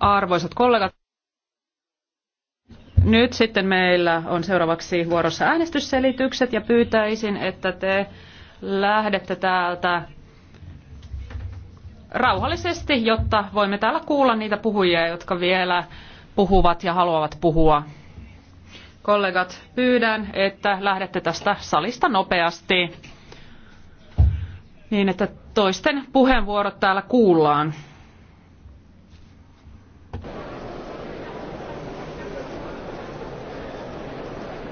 Arvoisat kollegat, nyt sitten meillä on seuraavaksi vuorossa äänestysselitykset ja pyytäisin, että te lähdette täältä rauhallisesti, jotta voimme täällä kuulla niitä puhujia, jotka vielä puhuvat ja haluavat puhua. Kollegat, pyydän, että lähdette tästä salista nopeasti niin, että toisten puheenvuorot täällä kuullaan.